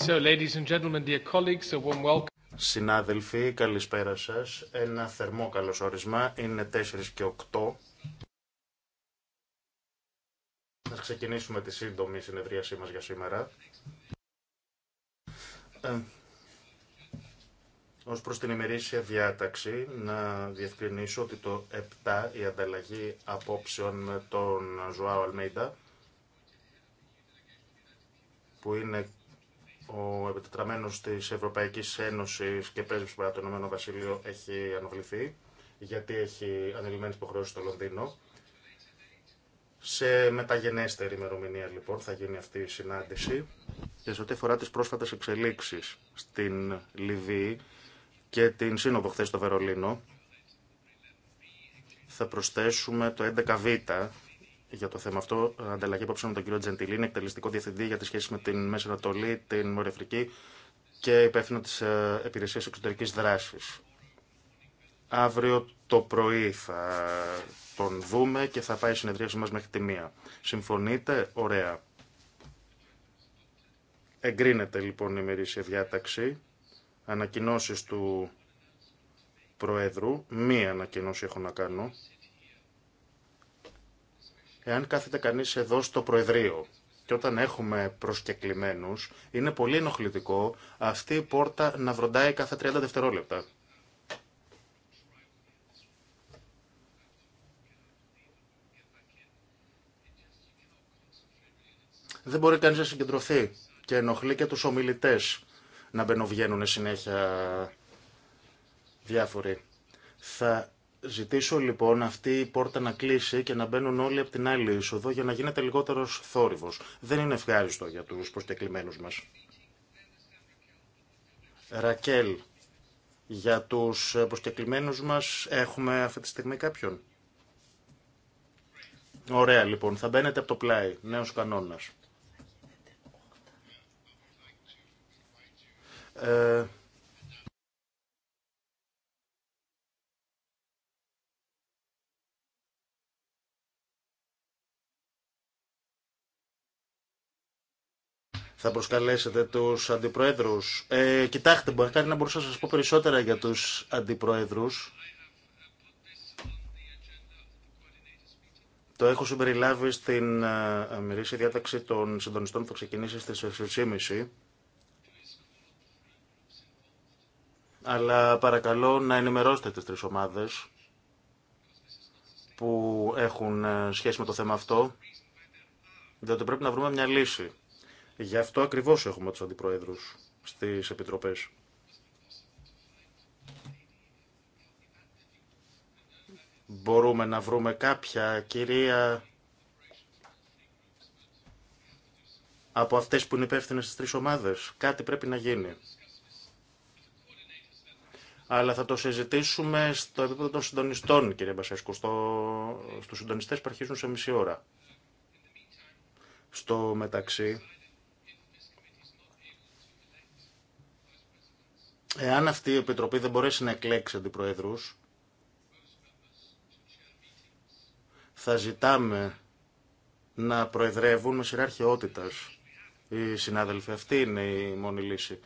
ladies and gentlemen, dear colleagues, a warm welcome. Συνάδελφοι, καλησπέρα σας. Ένα θερμό καλωσόρισμα. Είναι 4 και 8. Να ξεκινήσουμε τη σύντομη συνεδρίασή μας για σήμερα. Ε, ως προς την ημερήσια διάταξη, να διευκρινίσω ότι το 7, η ανταλλαγή απόψεων με τον Ζωάο Αλμέιντα, που είναι ο επιτετραμένο τη Ευρωπαϊκή Ένωση και πρέσβη του το Ηνωμένο Βασίλειο έχει αναβληθεί, γιατί έχει ανελημμένε υποχρεώσει στο Λονδίνο. Σε μεταγενέστερη ημερομηνία λοιπόν θα γίνει αυτή η συνάντηση και σε ό,τι αφορά τι πρόσφατε εξελίξει στην Λιβύη και την σύνοδο χθε στο Βερολίνο θα προσθέσουμε το 11β για το θέμα αυτό. Ανταλλαγή απόψε με τον κύριο Τζεντιλίνη, εκτελεστικό διευθυντή για τις σχέσεις με την Μέση Ανατολή, την Μορεφρική και υπεύθυνο τη ε, Υπηρεσία Εξωτερική Δράση. Αύριο το πρωί θα τον δούμε και θα πάει η συνεδρίαση μας μέχρι τη μία. Συμφωνείτε? Ωραία. Εγκρίνεται λοιπόν η μερίσια διάταξη. Ανακοινώσεις του Προέδρου. Μία ανακοινώση έχω να κάνω. Εάν κάθεται κανείς εδώ στο Προεδρείο και όταν έχουμε προσκεκλημένους, είναι πολύ ενοχλητικό αυτή η πόρτα να βροντάει κάθε 30 δευτερόλεπτα. Δεν μπορεί κανείς να συγκεντρωθεί και ενοχλεί και τους ομιλητές να μπαινοβγαίνουν συνέχεια διάφοροι. Θα ζητήσω λοιπόν αυτή η πόρτα να κλείσει και να μπαίνουν όλοι από την άλλη είσοδο για να γίνεται λιγότερο θόρυβος. Δεν είναι ευχάριστο για τους προσκεκλημένου μας. Ρακέλ, για τους προσκεκλημένου μας έχουμε αυτή τη στιγμή κάποιον. Ωραία λοιπόν, θα μπαίνετε από το πλάι, νέος κανόνας. Ε, Θα προσκαλέσετε τους αντιπροέδρους. Ε, κοιτάξτε, μπορεί να μπορούσα να σας πω περισσότερα για τους αντιπροέδρους. Το έχω συμπεριλάβει στην αμυρίσια ε, ε, διάταξη των συντονιστών που θα ξεκινήσει στις 6.30. Αλλά παρακαλώ να ενημερώσετε τις τρεις ομάδες που έχουν ε, σχέση με το θέμα αυτό, διότι πρέπει να βρούμε μια λύση Γι' αυτό ακριβώ έχουμε τους αντιπροέδρους στις επιτροπές. Μπορούμε να βρούμε κάποια κυρία από αυτέ που είναι υπεύθυνε στις τρει ομάδε. Κάτι πρέπει να γίνει. Αλλά θα το συζητήσουμε στο επίπεδο των συντονιστών, κύριε Μπασέσκου, στο... στους συντονιστές που αρχίζουν σε μισή ώρα. Στο μεταξύ, Εάν αυτή η Επιτροπή δεν μπορέσει να εκλέξει αντιπροέδρους, θα ζητάμε να προεδρεύουν με σειρά αρχαιότητας. Οι συνάδελφοι, αυτή είναι η μόνη λύση.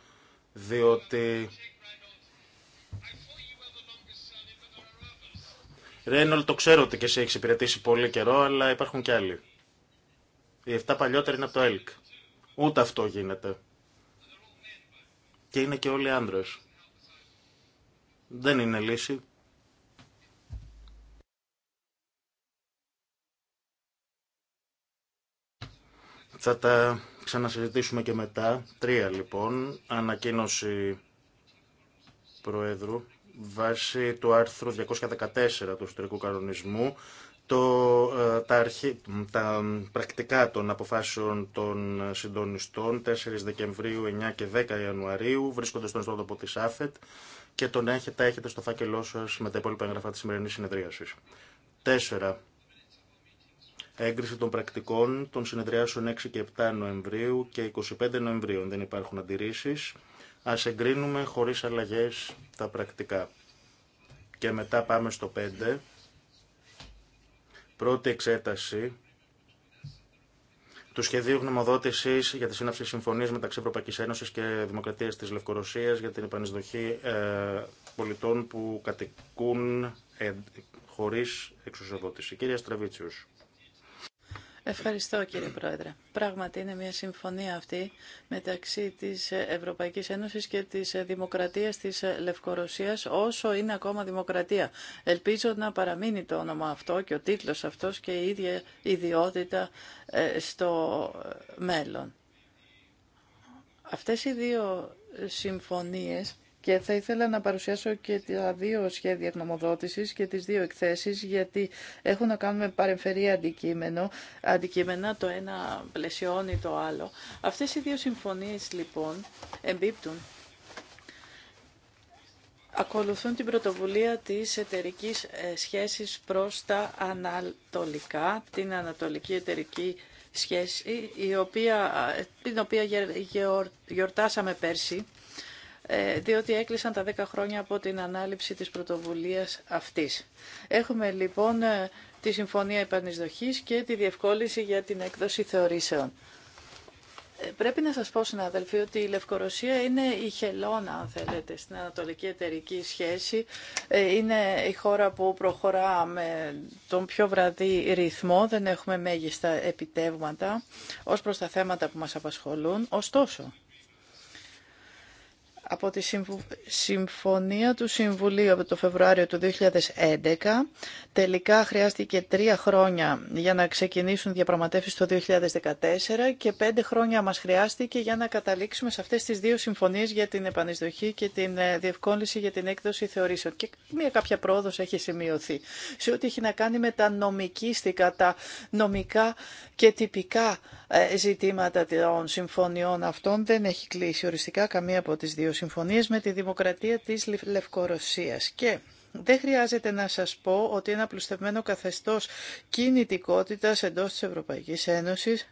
Διότι... Ρέινολ, το ξέρω ότι και σε έχει υπηρετήσει πολύ καιρό, αλλά υπάρχουν και άλλοι. Οι 7 παλιότεροι είναι από το ΕΛΚ. Ούτε αυτό γίνεται και είναι και όλοι άντρε. Δεν είναι λύση. Θα τα ξανασυζητήσουμε και μετά. Τρία λοιπόν. Ανακοίνωση Προέδρου βάσει του άρθρου 214 του ιστορικού κανονισμού το, ε, τα, αρχή, πρακτικά των αποφάσεων των συντονιστών 4 Δεκεμβρίου, 9 και 10 Ιανουαρίου βρίσκονται στον ιστότοπο της ΑΦΕΤ και τον έχετε, έχετε στο φάκελό σας με τα υπόλοιπα εγγραφά της σημερινής συνεδρίασης. 4. Έγκριση των πρακτικών των συνεδριάσεων 6 και 7 Νοεμβρίου και 25 Νοεμβρίου. Δεν υπάρχουν αντιρρήσεις. Ας εγκρίνουμε χωρίς αλλαγές τα πρακτικά. Και μετά πάμε στο 5 Πρώτη εξέταση του σχεδίου γνωμοδότηση για τη σύναψη συμφωνία μεταξύ Ευρωπαϊκή Ένωση και Δημοκρατία τη Λευκορωσία για την επανεισδοχή ε, πολιτών που κατοικούν ε, χωρί εξουσιοδότηση. Κύριε Στραβίτσιου. Ευχαριστώ κύριε Πρόεδρε. Πράγματι είναι μια συμφωνία αυτή μεταξύ της Ευρωπαϊκής Ένωσης και της Δημοκρατίας της Λευκορωσίας όσο είναι ακόμα δημοκρατία. Ελπίζω να παραμείνει το όνομα αυτό και ο τίτλος αυτός και η ίδια ιδιότητα ε, στο μέλλον. Αυτές οι δύο συμφωνίες και θα ήθελα να παρουσιάσω και τα δύο σχέδια γνωμοδότησης και τις δύο εκθέσεις, γιατί έχουν να κάνουν με παρεμφερή αντικείμενο, αντικείμενα το ένα πλαισιώνει το άλλο. Αυτές οι δύο συμφωνίες λοιπόν εμπίπτουν ακολουθούν την πρωτοβουλία της εταιρική ε, σχέσης προς τα ανατολικά, την ανατολική εταιρική σχέση, η οποία, ε, την οποία γιορτάσαμε πέρσι ε, διότι έκλεισαν τα 10 χρόνια από την ανάληψη της πρωτοβουλίας αυτής. Έχουμε λοιπόν ε, τη Συμφωνία Επανεισδοχής και τη διευκόλυνση για την έκδοση θεωρήσεων. Ε, πρέπει να σας πω, συναδελφοί, ότι η Λευκορωσία είναι η χελώνα, αν θέλετε, στην ανατολική εταιρική σχέση. Είναι η χώρα που προχωρά με τον πιο βραδύ ρυθμό, δεν έχουμε μέγιστα επιτεύγματα ως προς τα θέματα που μας απασχολούν. Ωστόσο, από τη Συμφωνία του Συμβουλίου από το Φεβρουάριο του 2011. Τελικά χρειάστηκε τρία χρόνια για να ξεκινήσουν διαπραγματεύσεις το 2014 και πέντε χρόνια μας χρειάστηκε για να καταλήξουμε σε αυτές τις δύο συμφωνίες για την επανεισδοχή και την ε, διευκόλυνση για την έκδοση θεωρήσεων. Και μία κάποια πρόοδος έχει σημειωθεί σε ό,τι έχει να κάνει με τα νομικήστικά τα νομικά και τυπικά ε, ζητήματα των συμφωνιών αυτών. Δεν έχει κλείσει οριστικά καμία από τις δύο συμφωνίες με τη δημοκρατία της Λευκορωσίας. Και δεν χρειάζεται να σας πω ότι ένα πλουστευμένο καθεστώς κινητικότητας εντός της Ευρωπαϊκής Ένωσης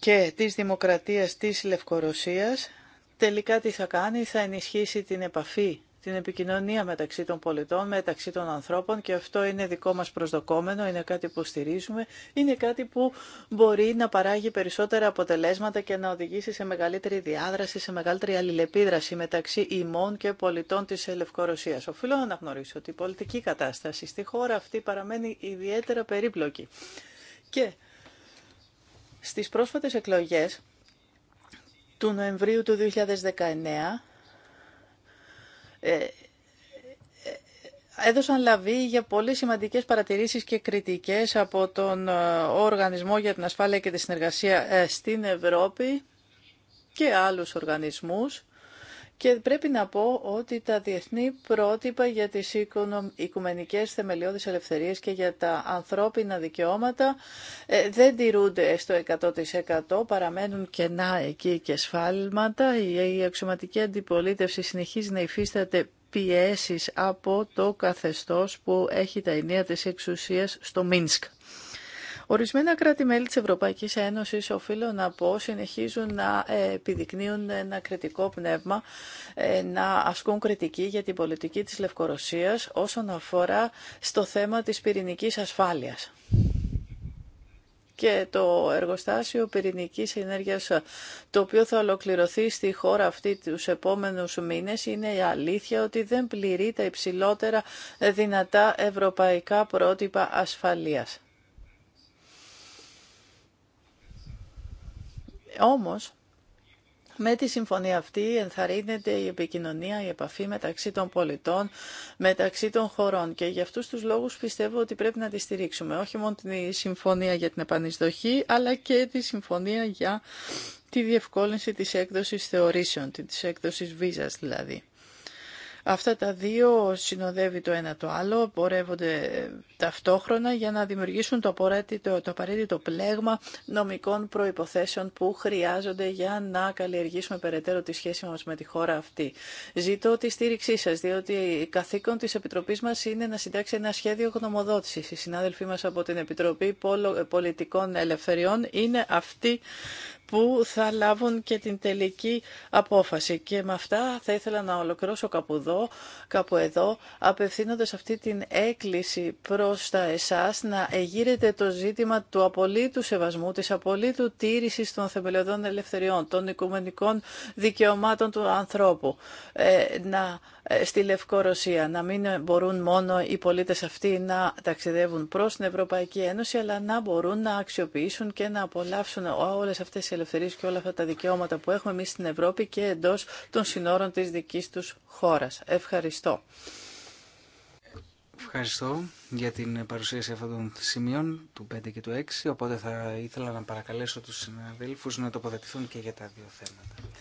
και της δημοκρατίας της Λευκορωσίας τελικά τι θα κάνει, θα ενισχύσει την επαφή την επικοινωνία μεταξύ των πολιτών, μεταξύ των ανθρώπων και αυτό είναι δικό μας προσδοκόμενο, είναι κάτι που στηρίζουμε, είναι κάτι που μπορεί να παράγει περισσότερα αποτελέσματα και να οδηγήσει σε μεγαλύτερη διάδραση, σε μεγαλύτερη αλληλεπίδραση μεταξύ ημών και πολιτών της Λευκορωσίας. Οφείλω να αναγνωρίσω ότι η πολιτική κατάσταση στη χώρα αυτή παραμένει ιδιαίτερα περίπλοκη. Και στις πρόσφατες εκλογές του Νοεμβρίου του 2019 ε, ε, ε, έδωσαν λαβή για πολύ σημαντικές παρατηρήσεις και κριτικές από τον Οργανισμό για την Ασφάλεια και τη Συνεργασία στην Ευρώπη και άλλους οργανισμούς και πρέπει να πω ότι τα διεθνή πρότυπα για τις οικουμενικές θεμελιώδεις ελευθερίες και για τα ανθρώπινα δικαιώματα ε, δεν τηρούνται στο 100% παραμένουν κενά εκεί και σφάλματα. Η αξιωματική αντιπολίτευση συνεχίζει να υφίσταται πιέσεις από το καθεστώς που έχει τα ενία της εξουσίας στο Μίνσκ. Ορισμένα κράτη-μέλη της Ευρωπαϊκής Ένωσης, οφείλω να πω, συνεχίζουν να ε, επιδεικνύουν ένα κριτικό πνεύμα, ε, να ασκούν κριτική για την πολιτική της Λευκορωσίας όσον αφορά στο θέμα της πυρηνικής ασφάλειας και το εργοστάσιο πυρηνικής ενέργειας το οποίο θα ολοκληρωθεί στη χώρα αυτή του επόμενους μήνες είναι η αλήθεια ότι δεν πληρεί τα υψηλότερα δυνατά ευρωπαϊκά πρότυπα ασφαλείας. Όμως, με τη συμφωνία αυτή ενθαρρύνεται η επικοινωνία, η επαφή μεταξύ των πολιτών, μεταξύ των χωρών και για αυτούς τους λόγους πιστεύω ότι πρέπει να τη στηρίξουμε. Όχι μόνο τη συμφωνία για την επανεισδοχή, αλλά και τη συμφωνία για τη διευκόλυνση της έκδοσης θεωρήσεων, της έκδοσης βίζας δηλαδή. Αυτά τα δύο συνοδεύει το ένα το άλλο, πορεύονται ταυτόχρονα για να δημιουργήσουν το απαραίτητο, το απαραίτητο πλέγμα νομικών προϋποθέσεων που χρειάζονται για να καλλιεργήσουμε περαιτέρω τη σχέση μας με τη χώρα αυτή. Ζητώ τη στήριξή σας, διότι η καθήκον της Επιτροπής μας είναι να συντάξει ένα σχέδιο γνωμοδότησης. Οι συνάδελφοί μας από την Επιτροπή Πολιτικών Ελευθεριών είναι αυτοί που θα λάβουν και την τελική απόφαση. Και με αυτά θα ήθελα να ολοκληρώσω κάπου εδώ, κάπου εδώ απευθύνοντας αυτή την έκκληση προς τα εσάς να εγείρετε το ζήτημα του απολύτου σεβασμού, της απολύτου τήρησης των θεμελιωδών ελευθεριών, των οικουμενικών δικαιωμάτων του ανθρώπου. Ε, να ε, στη Λευκορωσία, να μην μπορούν μόνο οι πολίτες αυτοί να ταξιδεύουν προς την Ευρωπαϊκή Ένωση, αλλά να μπορούν να αξιοποιήσουν και να απολαύσουν όλες αυτές οι ελευθερίες και όλα αυτά τα δικαιώματα που έχουμε εμείς στην Ευρώπη και εντός των συνόρων της δικής τους χώρας. Ευχαριστώ. Ευχαριστώ για την παρουσίαση αυτών των σημείων του 5 και του 6, οπότε θα ήθελα να παρακαλέσω τους συναδέλφους να τοποθετηθούν και για τα δύο θέματα.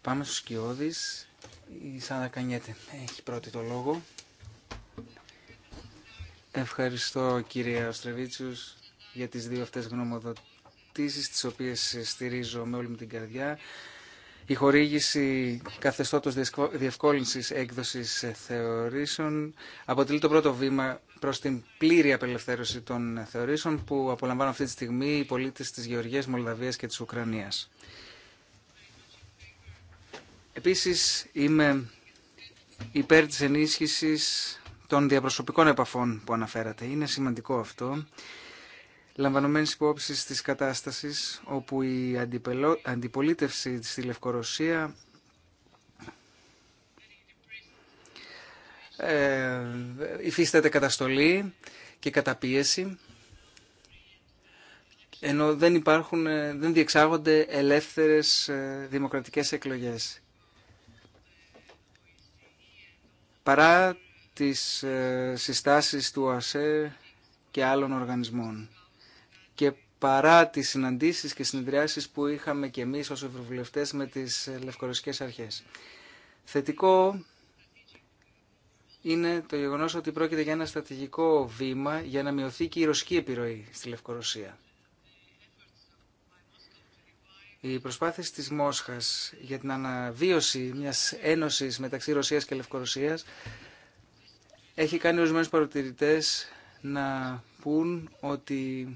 Πάμε στους Κιώδης. Η Σάντα Κανιέτε έχει πρώτη το λόγο. Ευχαριστώ κύριε Αστρεβίτσιους, για τις δύο αυτές γνωμοδοτήσεις απαιτήσει τις οποίες στηρίζω με όλη μου την καρδιά. Η χορήγηση καθεστώτος διευκόλυνσης έκδοσης θεωρήσεων αποτελεί το πρώτο βήμα προς την πλήρη απελευθέρωση των θεωρήσεων που απολαμβάνουν αυτή τη στιγμή οι πολίτες της Γεωργίας, Μολδαβίας και της Ουκρανίας. Επίσης είμαι υπέρ της ενίσχυσης των διαπροσωπικών επαφών που αναφέρατε. Είναι σημαντικό αυτό λαμβανομένης υπόψη της κατάστασης όπου η αντιπολίτευση στη Λευκορωσία ε, υφίσταται καταστολή και καταπίεση ενώ δεν υπάρχουν, ε, δεν διεξάγονται ελεύθερες ε, δημοκρατικές εκλογές. Παρά τις ε, συστάσεις του ΑΣΕ και άλλων οργανισμών και παρά τις συναντήσεις και συνεδριάσεις που είχαμε και εμείς ως ευρωβουλευτές με τις λευκορωσικές αρχές. Θετικό είναι το γεγονός ότι πρόκειται για ένα στρατηγικό βήμα για να μειωθεί και η ρωσική επιρροή στη Λευκορωσία. Οι προσπάθειε της Μόσχας για την αναβίωση μιας ένωσης μεταξύ Ρωσίας και Λευκορωσίας έχει κάνει ορισμένους παρατηρητές να πούν ότι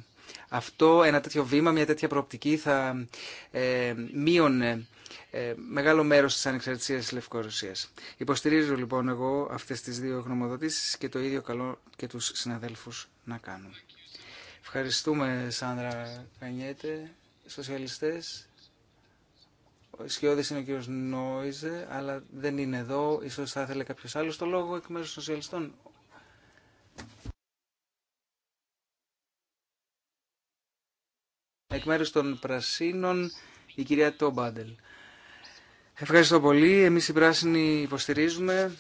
αυτό, ένα τέτοιο βήμα, μια τέτοια προοπτική θα ε, μείωνε ε, μεγάλο μέρος της ανεξαρτησίας της Λευκορωσίας. Υποστηρίζω λοιπόν εγώ αυτές τις δύο γνωμοδοτήσεις και το ίδιο καλό και τους συναδέλφους να κάνουν. Ευχαριστούμε Σάνδρα Κανιέτε, σοσιαλιστές. Ο Σιώδης είναι ο κύριος Νόιζε, αλλά δεν είναι εδώ. Ίσως θα ήθελε κάποιος άλλος το λόγο εκ μέρους των σοσιαλιστών. εκ μέρους των Πρασίνων η κυρία Τόμπαντελ. Ευχαριστώ πολύ. Εμείς οι Πράσινοι υποστηρίζουμε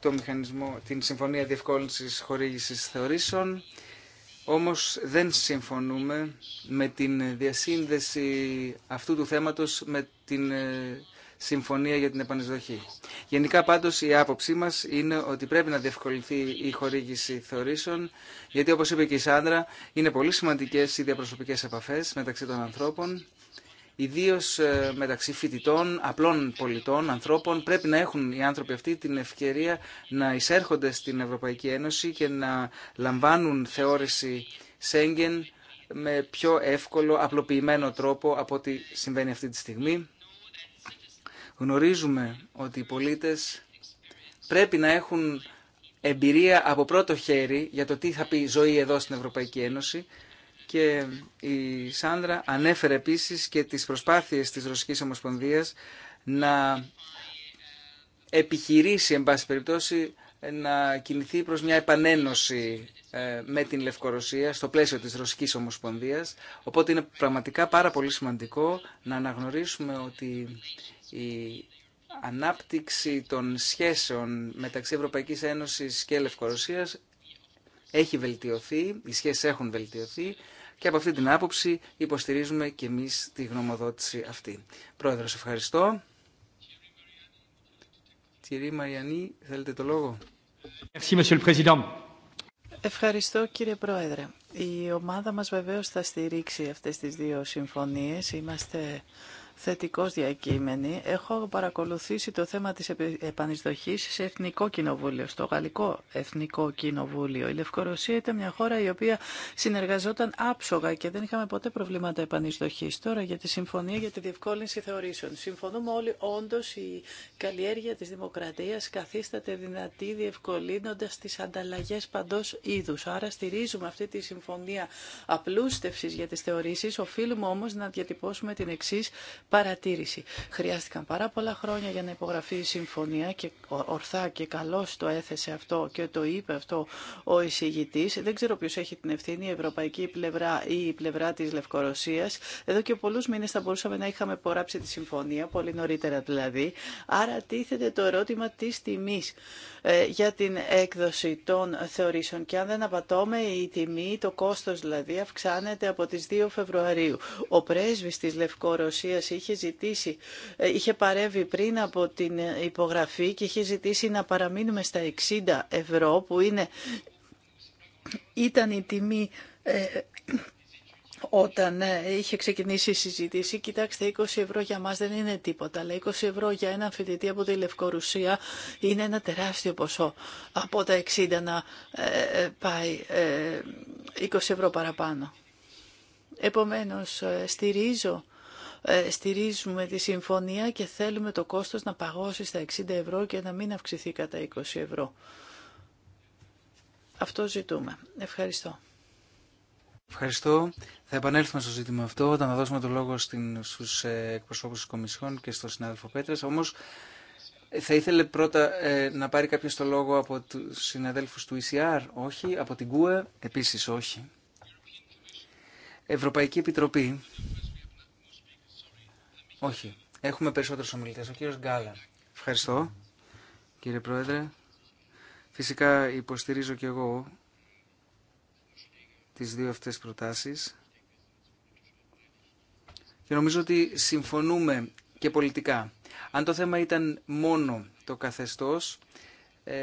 το μηχανισμό, την Συμφωνία Διευκόλυνσης Χορήγησης Θεωρήσεων. Όμως δεν συμφωνούμε με την διασύνδεση αυτού του θέματος με την ε, συμφωνία για την επανεισδοχή. Γενικά πάντως η άποψή μας είναι ότι πρέπει να διευκολυνθεί η χορήγηση θεωρήσεων γιατί όπως είπε και η Σάντρα είναι πολύ σημαντικές οι διαπροσωπικές επαφές μεταξύ των ανθρώπων Ιδίω ε, μεταξύ φοιτητών, απλών πολιτών, ανθρώπων, πρέπει να έχουν οι άνθρωποι αυτοί την ευκαιρία να εισέρχονται στην Ευρωπαϊκή Ένωση και να λαμβάνουν θεώρηση Σέγγεν με πιο εύκολο, απλοποιημένο τρόπο από ό,τι συμβαίνει αυτή τη στιγμή. Γνωρίζουμε ότι οι πολίτες πρέπει να έχουν εμπειρία από πρώτο χέρι για το τι θα πει ζωή εδώ στην Ευρωπαϊκή Ένωση και η Σάνδρα ανέφερε επίσης και τις προσπάθειες της Ρωσικής Ομοσπονδίας να επιχειρήσει, εν πάση περιπτώσει, να κινηθεί προς μια επανένωση ε, με την Λευκορωσία στο πλαίσιο της Ρωσικής Ομοσπονδίας. Οπότε είναι πραγματικά πάρα πολύ σημαντικό να αναγνωρίσουμε ότι η ανάπτυξη των σχέσεων μεταξύ Ευρωπαϊκής Ένωσης και Λευκορωσίας έχει βελτιωθεί, οι σχέσεις έχουν βελτιωθεί και από αυτή την άποψη υποστηρίζουμε και εμείς τη γνωμοδότηση αυτή. Πρόεδρος, ευχαριστώ. Κυρία Μαριανή, θέλετε το λόγο. Ευχαριστώ κύριε Πρόεδρε. Η ομάδα μας βεβαίως θα στηρίξει αυτές τις δύο συμφωνίες. Είμαστε θετικός διακείμενη. Έχω παρακολουθήσει το θέμα της επανεισδοχής σε Εθνικό Κοινοβούλιο, στο Γαλλικό Εθνικό Κοινοβούλιο. Η Λευκορωσία ήταν μια χώρα η οποία συνεργαζόταν άψογα και δεν είχαμε ποτέ προβλήματα επανεισδοχής. Τώρα για τη Συμφωνία για τη Διευκόλυνση Θεωρήσεων. Συμφωνούμε όλοι όντω, η καλλιέργεια της δημοκρατίας καθίσταται δυνατή διευκολύνοντας τις ανταλλαγές παντός είδους. Άρα στηρίζουμε αυτή τη Συμφωνία Απλούστευσης για τις θεωρήσεις. Οφείλουμε όμως να διατυπώσουμε την εξή παρατήρηση. Χρειάστηκαν πάρα πολλά χρόνια για να υπογραφεί η συμφωνία και ορθά και καλώ το έθεσε αυτό και το είπε αυτό ο εισηγητή. Δεν ξέρω ποιο έχει την ευθύνη, η ευρωπαϊκή πλευρά ή η πλευρά τη Λευκορωσία. Εδώ και πολλού μήνε θα μπορούσαμε να είχαμε υπογράψει τη συμφωνία, πολύ νωρίτερα δηλαδή. Άρα τίθεται το ερώτημα τη τιμή ε, για την έκδοση των θεωρήσεων. Και αν δεν απατώμε, η τιμή, το κόστο δηλαδή, αυξάνεται από τι 2 Φεβρουαρίου. Ο πρέσβη τη Λευκορωσία είχε ζητήσει, ε, είχε παρεύει πριν από την ε, υπογραφή και είχε ζητήσει να παραμείνουμε στα 60 ευρώ που είναι, ήταν η τιμή ε, όταν είχε ξεκινήσει η συζήτηση, κοιτάξτε, 20 ευρώ για μας δεν είναι τίποτα, αλλά 20 ευρώ για έναν φοιτητή από τη Λευκορουσία είναι ένα τεράστιο ποσό. Από τα 60 να ε, πάει 20 ευρώ παραπάνω. Επομένως, στηρίζω ε, στηρίζουμε τη συμφωνία και θέλουμε το κόστος να παγώσει στα 60 ευρώ και να μην αυξηθεί κατά 20 ευρώ. Αυτό ζητούμε. Ευχαριστώ. Ευχαριστώ. Θα επανέλθουμε στο ζήτημα αυτό όταν θα δώσουμε το λόγο στους ε, εκπροσώπους της Κομισιόν και στον συνάδελφο Πέτρας. Όμως ε, θα ήθελε πρώτα να πάρει κάποιο το λόγο από τους συναδέλφους του ECR. Όχι. Από την ΚΟΕ. E, επίσης όχι. Ευρωπαϊκή Επιτροπή. Όχι. Έχουμε περισσότερους ομιλητές. Ο κύριο Γκάλα. Ευχαριστώ, κύριε Πρόεδρε. Φυσικά υποστηρίζω και εγώ τις δύο αυτές προτάσεις. Και νομίζω ότι συμφωνούμε και πολιτικά. Αν το θέμα ήταν μόνο το καθεστώς ε,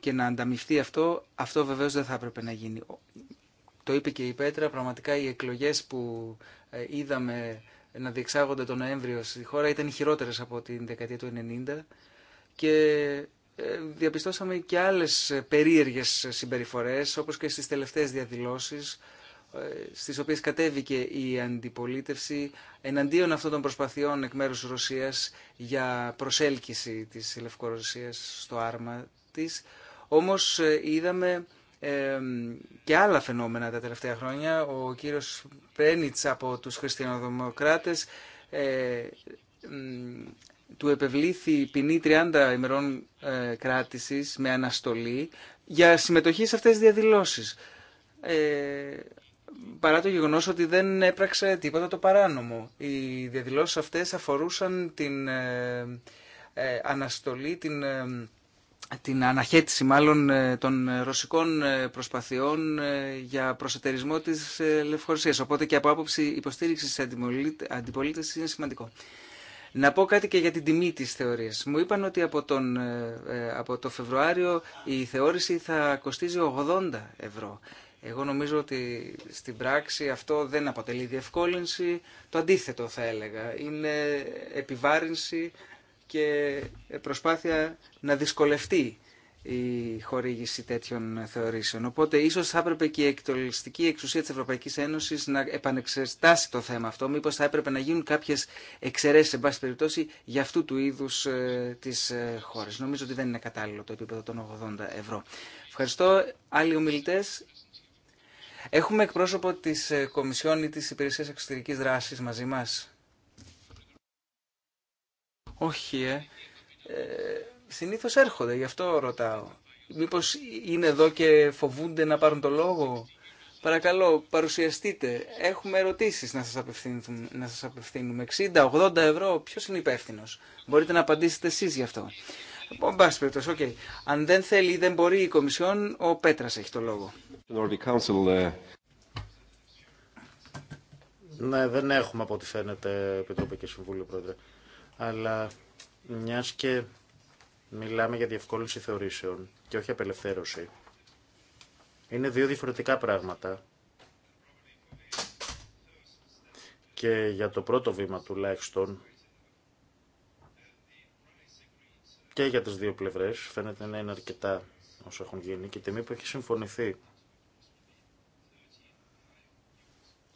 και να ανταμυφθεί αυτό, αυτό βεβαίως δεν θα έπρεπε να γίνει. Το είπε και η Πέτρα, πραγματικά οι εκλογές που ε, είδαμε να διεξάγονται τον Νοέμβριο στη χώρα ήταν οι από την δεκαετία του 90 και ε, διαπιστώσαμε και άλλες ε, περίεργε συμπεριφορέ, όπως και στις τελευταίες διαδηλώσει, ε, στις οποίες κατέβηκε η αντιπολίτευση εναντίον αυτών των προσπαθειών εκ μέρους Ρωσίας για προσέλκυση τη Λευκορωσία στο άρμα τη. Όμω είδαμε και άλλα φαινόμενα τα τελευταία χρόνια. Ο κύριος Πρένιτς από τους χριστιανοδημοκράτες ε, του επευλήθη ποινή 30 ημερών ε, κράτησης με αναστολή για συμμετοχή σε αυτές τις διαδηλώσεις. Ε, παρά το γεγονός ότι δεν έπραξε τίποτα το παράνομο. Οι διαδηλώσεις αυτές αφορούσαν την αναστολή, την την αναχέτηση μάλλον ε, των ε, ρωσικών ε, προσπαθειών για προσετερισμό της Λευκορωσίας. Οπότε και από άποψη υποστήριξης της αντιπολίτευσης είναι σημαντικό. Να πω κάτι και για την τιμή της θεωρίας. Μου είπαν ότι από, τον, από το Φεβρουάριο η θεώρηση θα κοστίζει 80 ευρώ. Εγώ νομίζω ότι στην πράξη αυτό δεν αποτελεί διευκόλυνση, το αντίθετο θα έλεγα. Είναι επιβάρυνση και ε, προσπάθεια να δυσκολευτεί η χορήγηση τέτοιων θεωρήσεων. Οπότε ίσως θα έπρεπε και η εκτολιστική εξουσία της Ευρωπαϊκής Ένωσης να επανεξετάσει το θέμα αυτό. Μήπως θα έπρεπε να γίνουν κάποιες εξαιρέσεις, σε πάση περιπτώσει, για αυτού του είδους ε, της ε, Νομίζω ότι δεν είναι κατάλληλο το επίπεδο των 80 ευρώ. Ευχαριστώ. Άλλοι ομιλητές. Έχουμε εκπρόσωπο της ε, Κομισιόν ή της Υπηρεσίας Εξωτερικής Δράσης μαζί μας. Όχι, ε. ε συνήθως έρχονται, γι' αυτό ρωτάω. Μήπως είναι εδώ και φοβούνται να πάρουν το λόγο. Παρακαλώ, παρουσιαστείτε. Έχουμε ερωτήσεις να σας, απευθύνουμε, να σας απευθύνουμε. 60, 80 ευρώ, ποιος είναι υπεύθυνο. Μπορείτε να απαντήσετε εσείς γι' αυτό. okay. Αν δεν θέλει ή δεν μπορεί η Κομισιόν, ο Πέτρας έχει το λόγο. Ε. Ναι, δεν έχουμε από ό,τι φαίνεται, Επιτροπή και Συμβούλιο, Πρόεδρε αλλά μιας και μιλάμε για διευκόλυνση θεωρήσεων και όχι απελευθέρωση, είναι δύο διαφορετικά πράγματα. Και για το πρώτο βήμα τουλάχιστον, και για τις δύο πλευρές, φαίνεται να είναι αρκετά όσα έχουν γίνει και η τιμή που έχει συμφωνηθεί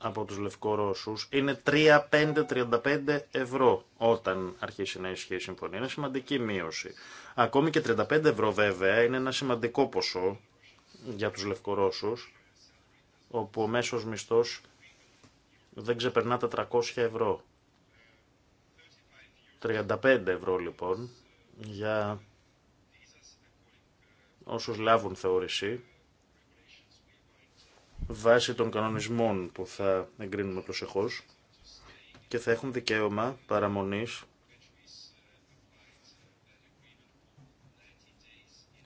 από τους Λευκορώσους είναι 3,5-35 ευρώ όταν αρχίσει να ισχύει η συμφωνία. Είναι σημαντική μείωση. Ακόμη και 35 ευρώ βέβαια είναι ένα σημαντικό ποσό για τους Λευκορώσους όπου ο μέσος μισθός δεν ξεπερνά τα 300 ευρώ. 35 ευρώ λοιπόν για όσους λάβουν θεώρηση βάσει των κανονισμών που θα εγκρίνουμε προσεχώς και θα έχουν δικαίωμα παραμονής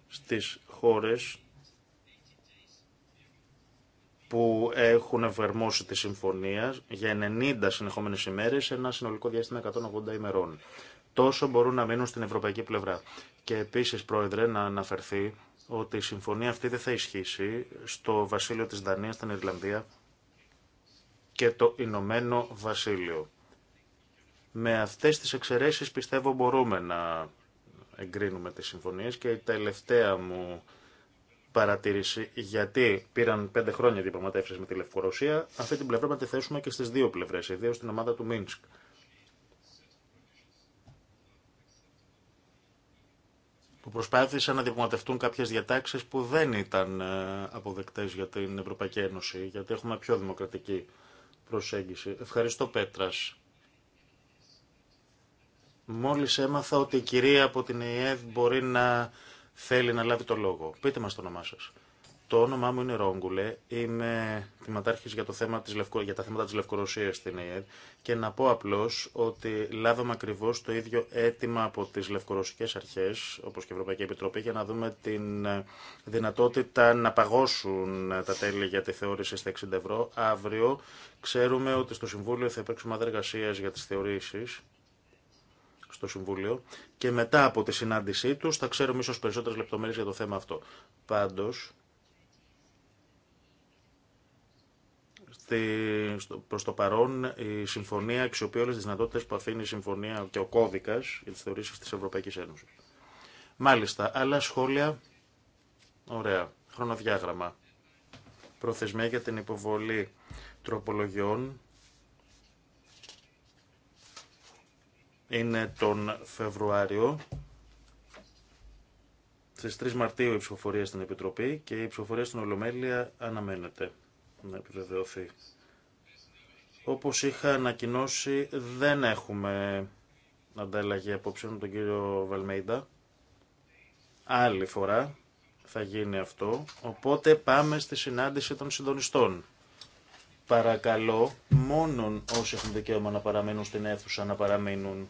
στις χώρες που έχουν εφαρμόσει τη συμφωνία για 90 συνεχόμενες ημέρες σε ένα συνολικό διάστημα 180 ημερών. Τόσο μπορούν να μείνουν στην ευρωπαϊκή πλευρά. Και επίσης, Πρόεδρε, να αναφερθεί ότι η συμφωνία αυτή δεν θα ισχύσει στο βασίλειο της Δανίας, στην Ιρλανδία και το Ηνωμένο Βασίλειο. Με αυτές τις εξαιρέσεις πιστεύω μπορούμε να εγκρίνουμε τις συμφωνίες και η τελευταία μου παρατήρηση γιατί πήραν πέντε χρόνια διαπραγματεύσει με τη Λευκορωσία, αυτή την πλευρά να τη θέσουμε και στις δύο πλευρές, ιδίω στην ομάδα του Μίνσκ. που προσπάθησαν να διαπραγματευτούν κάποιε διατάξει που δεν ήταν ε, αποδεκτέ για την Ευρωπαϊκή Ένωση, γιατί έχουμε πιο δημοκρατική προσέγγιση. Ευχαριστώ, Πέτρα. Μόλι έμαθα ότι η κυρία από την ΕΕΔ μπορεί να θέλει να λάβει το λόγο. Πείτε μα το όνομά σα. Το όνομά μου είναι Ρόγκουλε, είμαι θυματάρχης για, το θέμα της Λευκο... για τα θέματα της Λευκορωσίας στην ΕΕ και να πω απλώς ότι λάβαμε ακριβώ το ίδιο αίτημα από τις λευκορωσικές αρχές, όπως και η Ευρωπαϊκή Επιτροπή, για να δούμε τη δυνατότητα να παγώσουν τα τέλη για τη θεώρηση στα 60 ευρώ. Αύριο ξέρουμε ότι στο Συμβούλιο θα υπάρξει ομάδα εργασία για τις θεωρήσεις στο Συμβούλιο και μετά από τη συνάντησή τους θα ξέρουμε ίσως περισσότερες λεπτομέρειες για το θέμα αυτό. Πάντως, Προς το παρόν η συμφωνία αξιοποιεί όλες τι δυνατότητε που αφήνει η συμφωνία και ο κώδικας για τι θεωρήσεις τη Ευρωπαϊκή Ένωση. Μάλιστα, άλλα σχόλια. Ωραία. Χρονοδιάγραμμα. Προθεσμία για την υποβολή τροπολογιών είναι τον Φεβρουάριο. Στις 3 Μαρτίου η ψηφοφορία στην Επιτροπή και η ψηφοφορία στην Ολομέλεια αναμένεται να επιβεβαιωθεί. Όπως είχα ανακοινώσει, δεν έχουμε ανταλλαγή απόψεων με τον κύριο Βαλμέιντα. Άλλη φορά θα γίνει αυτό. Οπότε πάμε στη συνάντηση των συντονιστών. Παρακαλώ, μόνον όσοι έχουν δικαίωμα να παραμείνουν στην αίθουσα να παραμείνουν